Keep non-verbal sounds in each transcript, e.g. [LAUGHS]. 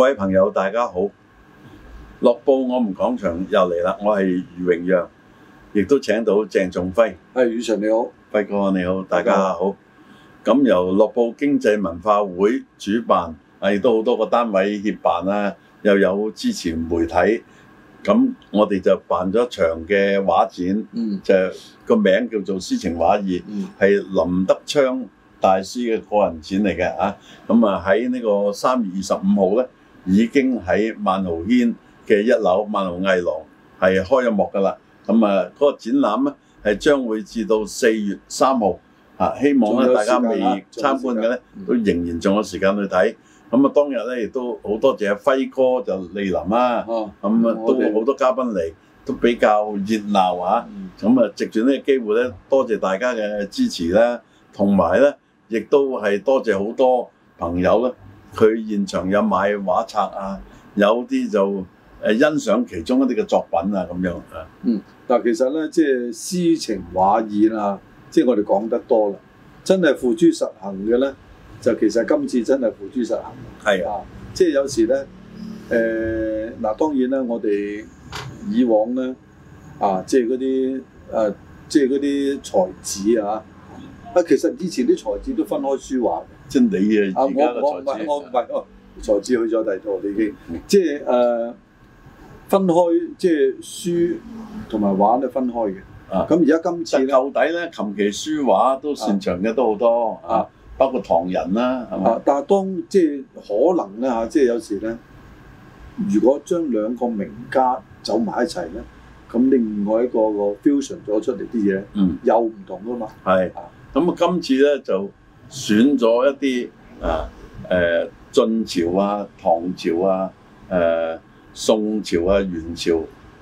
各位朋友，大家好！樂報我們講場又嚟啦，我係余榮陽，亦都請到鄭仲輝。係、哎，宇常你好，輝哥你好，大家好。咁、嗯、由樂報經濟文化會主辦，亦都好多個單位協辦啦，又有支持媒體。咁我哋就辦咗一場嘅畫展，嗯、就個、是、名叫做詩情畫意，係、嗯、林德昌大師嘅個人展嚟嘅啊。咁啊喺呢個三月二十五號咧。已經喺萬豪軒嘅一樓萬豪藝廊係開咗幕㗎啦，咁啊嗰個展覽咧係將會至到四月三號啊，希望咧、啊啊、大家未參觀嘅咧、啊、都仍然仲有時間去睇。咁啊當日咧亦都好多謝輝哥就蒞臨啦，咁啊，啊、嗯、都好多嘉賓嚟，都比較熱鬧啊。咁、嗯、啊藉住呢個機會咧，多謝大家嘅支持啦、啊，同埋咧亦都係多謝好多朋友啦。佢現場有買畫冊啊，有啲就誒欣賞其中一啲嘅作品啊，咁樣啊。嗯，嗱，其實咧，即係詩情畫意啦，即係我哋講得多啦，真係付諸實行嘅咧，就其實今次真係付諸實行。係啊，即係有時咧，誒，嗱，當然啦，我哋以往咧，啊，即係嗰啲誒，即係嗰啲才子啊，啊，其實以前啲才子都分開書畫。即係你啊！啊，我我唔係，我唔係哦。才子去咗第二套，已經即係誒分開，即、就、係、是、書同埋畫都分開嘅。 [LAUGHS] 啊，咁而家今次後底咧，琴棋書畫都擅長嘅都好多啊，包括唐人啦、啊，係嘛、啊？但係當即係、就是、可能咧嚇，即、就、係、是、有時咧，如果將兩個名家走埋一齊咧，咁另外一個一個 fusion 咗出嚟啲嘢，嗯，又唔同㗎嘛。係咁啊，今次咧就～、啊啊選咗一啲啊誒，晉、呃、朝啊、唐朝啊、誒、呃、宋朝啊、元朝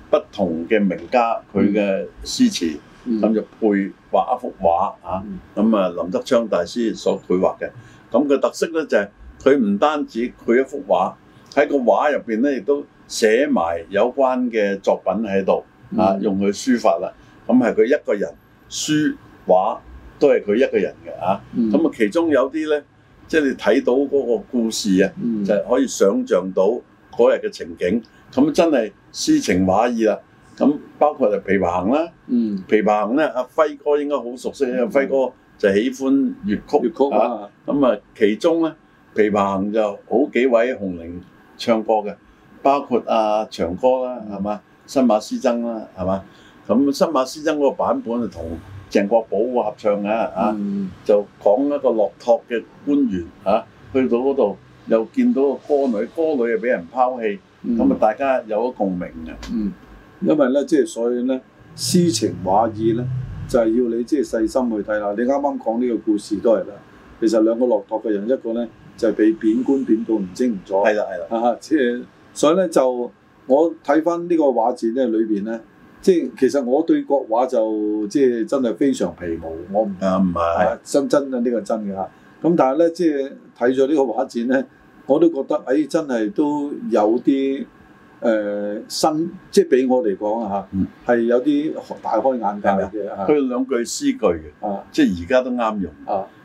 不同嘅名家佢嘅詩詞，咁就、嗯嗯、配畫一幅畫啊。咁啊，林德昌大師所繪畫嘅，咁、啊、佢特色咧就係佢唔單止佢一幅畫喺個畫入邊咧，亦都寫埋有關嘅作品喺度啊，用佢書法啦。咁係佢一個人書畫。啊都係佢一個人嘅嚇、啊，咁啊、嗯、其中有啲咧，即係你睇到嗰個故事啊，嗯、就係可以想像到嗰日嘅情景，咁真係詩情畫意啦、啊。咁包括就琵琶行啦、啊，琵琶、嗯、行咧、啊，阿輝哥應該好熟悉嘅，嗯嗯、因為輝哥就喜歡粵曲，粵曲啊。咁啊其中咧，琵琶行就好幾位紅伶唱歌嘅，包括阿、啊、長哥啦、啊，係嘛？新馬師曾啦，係嘛？咁新馬師曾嗰個版本就同鄭國寶嘅合唱啊，啊、嗯、就講一個落拓嘅官員啊，去到嗰度又見到個歌女，歌女又俾人拋棄，咁啊、嗯、大家有咗共鳴嘅。嗯，嗯因為咧即係所以咧詩情畫意咧就係、是、要你即係細心去睇啦。你啱啱講呢個故事都係啦，其實兩個落拓嘅人，一個咧就係、是、被貶官貶到唔清唔楚。係啦係啦，即係、嗯啊就是、所以咧就我睇翻呢個畫字咧裏邊咧。即係其實我對國畫就即係真係非常皮毛，我唔啊唔係真真啊呢個真嘅嚇。咁但係咧即係睇咗呢個畫展咧，我都覺得誒真係都有啲誒新，即係俾我嚟講啊嚇，係有啲大開眼界嘅。佢兩句詩句嘅，即係而家都啱用。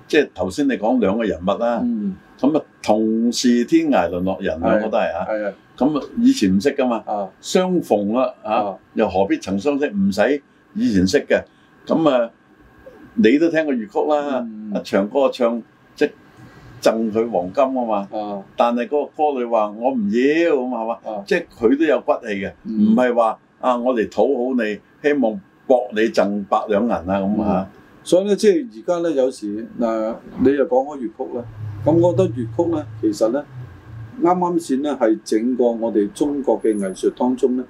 即係頭先你講兩個人物啦，咁啊。同是天涯淪落人，兩個都係啊！啊，咁啊，以前唔識噶嘛，相逢啦啊，又何必曾相識？唔使以前識嘅，咁啊，你都聽過粵曲啦，唱歌唱即贈佢黃金啊嘛！但係個歌女話我唔要咁啊嘛，即係佢都有骨氣嘅，唔係話啊，我哋討好你，希望博你贈百兩銀啊咁啊！所以咧，即係而家咧，有時嗱，你又講開粵曲啦。咁我覺得粵曲咧，其實咧，啱啱先咧係整個我哋中國嘅藝術當中咧，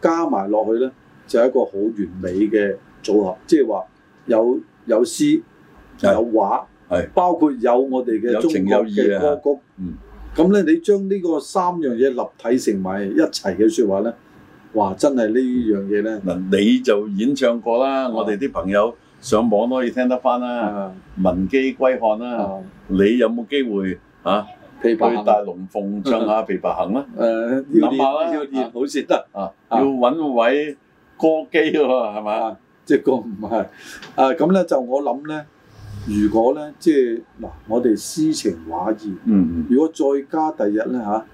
加埋落去咧，就係、是、一個好完美嘅組合。即係話有有詩有畫，係包括有我哋嘅中國嘅歌曲。嗯，咁咧你將呢個三樣嘢立體成為一齊嘅説話咧，哇！真係呢樣嘢咧嗱，嗯、你就演唱過啦，哦、我哋啲朋友。上網都可以聽得翻啦。文姬歸漢啦，你有冇機會嚇？琵琶行，大龍鳳唱下琵琶行啦。誒，要練要練好先得。要揾位歌姬喎，係嘛？即係個唔係。誒咁咧，就我諗咧，如果咧，即係嗱，我哋詩情畫意。嗯，如果再加第日咧吓，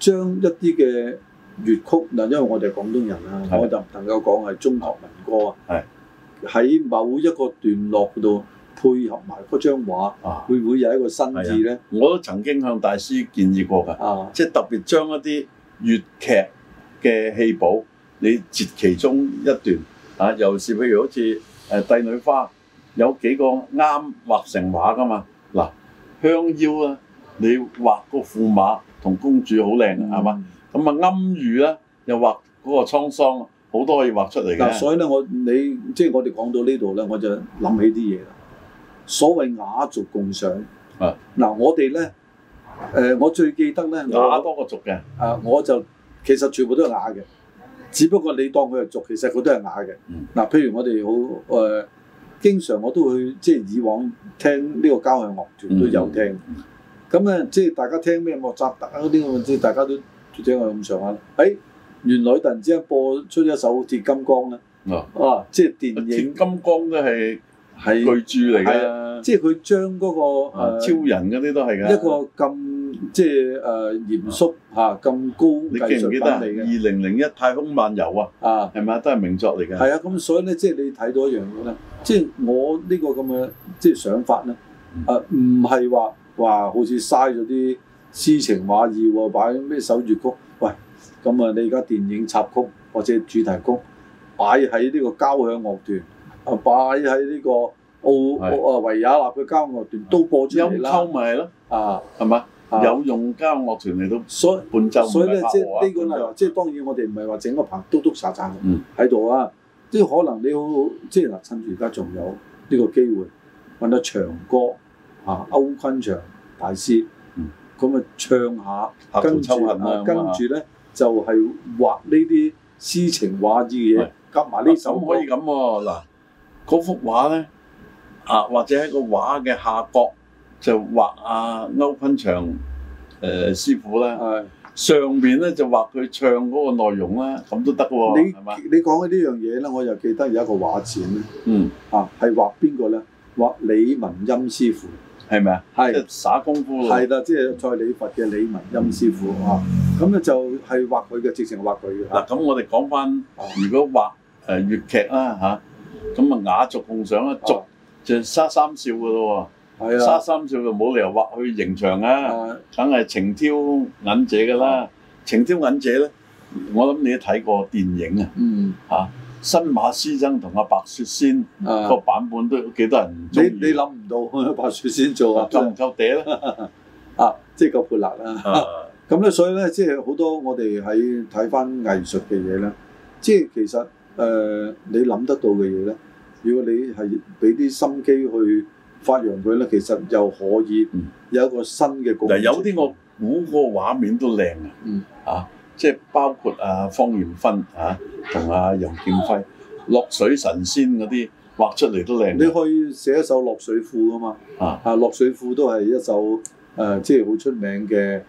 將一啲嘅粵曲嗱，因為我哋係廣東人啊，我就唔能夠講係中國民歌啊。係。喺某一個段落度配合埋嗰張畫，會唔會有一個新意咧？我都曾經向大師建議過㗎，即係特別將一啲粵劇嘅戲寶，你截其中一段啊，尤其是譬如好似誒《帝女花》，有幾個啱畫成畫㗎嘛？嗱，香夭啊，你畫個駙馬同公主好靚啊，係嘛，咁啊庵遇咧，又畫嗰個滄桑。好多可以畫出嚟嘅嗱，所以咧我你即係我哋講到呢度咧，我就諗起啲嘢啦。所謂雅俗共賞啊，嗱我哋咧誒，我最記得咧，雅多過俗嘅啊，我就其實全部都係雅嘅，只不過你當佢係俗，其實佢都係雅嘅。嗱、嗯啊，譬如我哋好誒，經常我都會即係以往聽呢個交響樂團、嗯、都有聽，咁咧即係大家聽咩莫扎特嗰啲咁嘅嘢，大家都就聽，聽，聽，聽我咁上下啦。原來突然之間播出一首《鐵金剛》咧、啊，啊，即係電影《鐵金剛》都係係巨著嚟嘅，啊、即係佢將嗰、嗰個、啊、超人嗰啲都係㗎，一個咁即係誒嚴肅嚇咁、啊、高技術品味嘅，你記唔記得？二零零一《太空漫遊》啊，啊，係咪都係名作嚟嘅？係啊，咁所以咧，即係你睇到一樣嘅啦，即係我呢個咁嘅即係想法咧，誒唔係話話好似嘥咗啲詩情畫意喎，擺咩首粵曲。咁啊！你而家電影插曲或者主題曲擺喺呢個交響樂團啊，擺喺呢個澳啊維也納嘅交響樂團都播咗啦。有咪咯啊，係嘛？有用交響樂團嚟到所伴奏，所以咧即係呢個咧，即係當然我哋唔係話整個棚篤篤殺殺喺度啊！即係可能你好即係嗱，趁住而家仲有呢個機會，揾到長歌啊，歐坤祥大師，咁啊唱下，跟住咧。就係畫呢啲詩情畫意嘅嘢，夾埋呢首歌、啊、可以咁喎嗱。嗰幅畫咧啊，或者個畫嘅下角就畫阿、啊、歐春祥誒、呃、師傅啦，是上邊咧就畫佢唱嗰個內容啦，咁都得喎。你吧你講嘅呢樣嘢咧，我又記得有一個畫展嗯啊，係畫邊個咧？畫李文音師傅係咪啊？係耍吧是功夫啦，係啦，即、就、係、是、蔡李佛嘅李文音師傅啊。咁咧就係畫佢嘅，直情畫佢嘅。嗱，咁我哋講翻，如果畫誒粵劇啦嚇，咁啊雅俗共賞啦，俗就沙三少嘅咯喎。啊，沙三少就冇理由畫去刑場啊，梗係情挑銀姐嘅啦。情挑銀姐咧，我諗你都睇過電影啊。嗯。嚇，新馬師曾同阿白雪仙個版本都有幾多人做？你諗唔到白雪仙做啊？夠唔夠嗲啦，啊，即係夠潑辣啦。咁咧，所以咧，即係好多我哋喺睇翻藝術嘅嘢咧，即係其實誒、呃、你諗得到嘅嘢咧，如果你係俾啲心機去發揚佢咧，其實又可以有一個新嘅個、嗯。有啲我估個畫面都靚啊！嗯、啊，即係包括啊方豔芬啊同阿楊劍輝《落水神仙》嗰啲畫出嚟都靚。你可以寫一首《落水賦》噶嘛？啊，《落水賦》都係一首誒、呃，即係好出名嘅。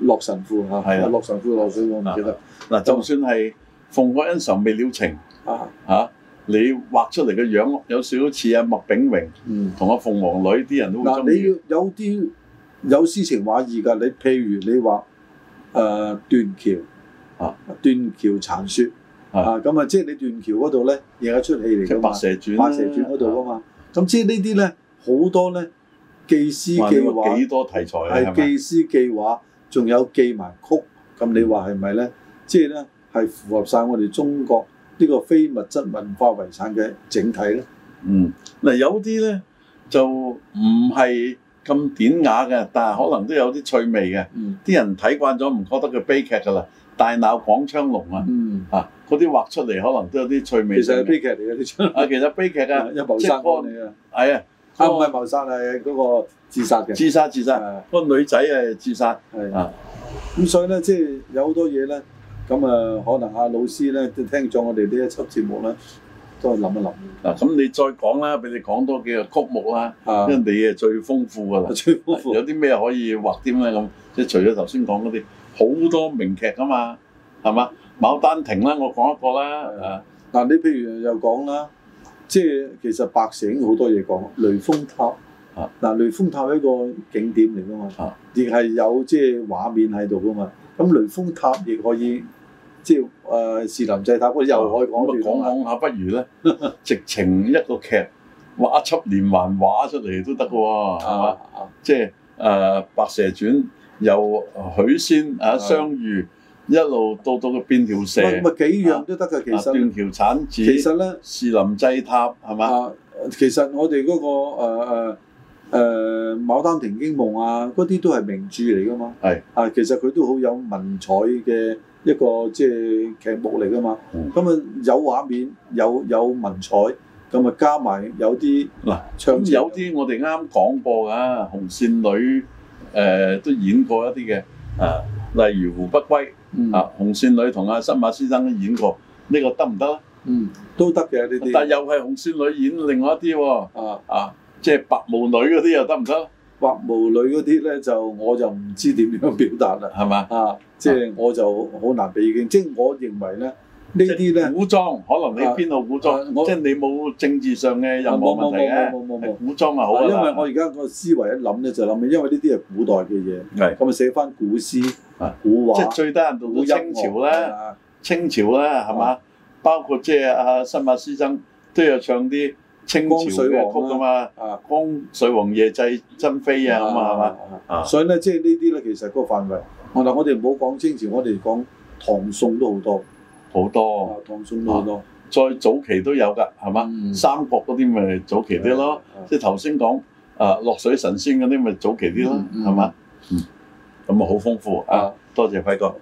洛神賦啊，係啊，洛神賦、洛神賦啊，記得嗱，就算係鳳閣恩仇未了情啊，嚇你畫出嚟嘅樣有少少似阿麥炳榮，嗯，同阿鳳凰女啲人都嗱，你要有啲有詩情畫意㗎。你譬如你話誒斷橋嚇，斷橋殘雪啊，咁啊，即係你斷橋嗰度咧，嘢一出戲嚟嘅嘛，白蛇傳，白蛇傳嗰度㗎嘛。咁即係呢啲咧好多咧，記詩記畫，幾多題材係記詩記畫。仲有記埋曲，咁你話係咪咧？即係咧，係符合晒我哋中國呢個非物質文化遺產嘅整體咧。嗯，嗱有啲咧就唔係咁典雅嘅，但係可能都有啲趣味嘅。啲人睇慣咗唔覺得佢悲劇㗎喇，大鬧廣昌隆啊，啊嗰啲畫出嚟可能都有啲趣味。其實悲劇嚟嘅啲啊，其實悲劇啊，有謀殺㗎你，係啊，啊唔係謀殺係嗰個。自殺嘅，自殺自殺，嗰個女仔啊自殺，係啊，咁所以咧，即係有好多嘢咧，咁啊，可能阿老師咧，聽咗我哋呢一輯節目咧，都係諗一諗嗱，咁你再講啦，俾你講多幾個曲目啦，因為你係最豐富噶啦，最豐富，有啲咩可以畫啲咩咁，即係除咗頭先講嗰啲，好多名劇噶嘛，係嘛，《牡丹亭》啦，我講一個啦，啊，嗱你譬如又講啦，即係其實白蛇好多嘢講，《雷峰塔》。嗱，啊、雷峰塔係一個景點嚟噶嘛，亦係、啊、有即係畫面喺度噶嘛。咁、啊、雷峰塔亦可以即係誒《士林祭塔》，我又可以講講下，嗯、說說說不如咧，直情一個劇畫一輯連環畫出嚟都得嘅喎，係嘛、啊？即係誒《白蛇傳》，由許仙啊相遇，一路到到佢變條蛇，咪、啊啊嗯、幾樣都得嘅。其實、啊、斷橋殘，其實咧《士林祭塔》係嘛？其實我哋嗰、那個誒、呃呃啊誒《牡、呃、丹亭》驚夢啊，嗰啲都係名著嚟噶嘛。係是啊，其實佢都好有文采嘅一個即係劇目嚟噶嘛。咁、嗯、啊、嗯、有畫面，有有文采，咁啊加埋有啲嗱，唱詞有啲我哋啱啱講過噶，《紅線女》誒、呃、都演過一啲嘅啊，例如《胡不歸》啊，《紅線女》同阿新馬先生都演過，呢、這個得唔得咧？嗯，都得嘅呢啲。但又係紅線女演另外一啲喎。啊啊！1 1 1 即係白毛女嗰啲又得唔得？白毛女嗰啲咧就我就唔知點樣表達啦，係嘛啊？即係我就好難避鏡。即係我認為咧，呢啲咧古裝可能你邊度古裝，即係你冇政治上嘅任何問題嘅。古裝啊好，因為我而家個思維一諗咧，就諗起因為呢啲係古代嘅嘢，咁咪寫翻古詩、古畫，即係最低限度到清朝咧，清朝咧係嘛？包括即係阿新馬師曾，都有唱啲。清朝嘅曲啊嘛，啊，光緒王夜祭珍妃啊咁啊，係嘛，啊，所以咧，即係呢啲咧，其實個範圍，我哋我哋唔好講清朝，我哋講唐宋都好多，好多，唐宋都好多，再早期都有噶，係嘛，三國嗰啲咪早期啲咯，即係頭先講，啊，落水神仙嗰啲咪早期啲咯，係嘛，嗯，咁啊好豐富啊，多謝輝哥。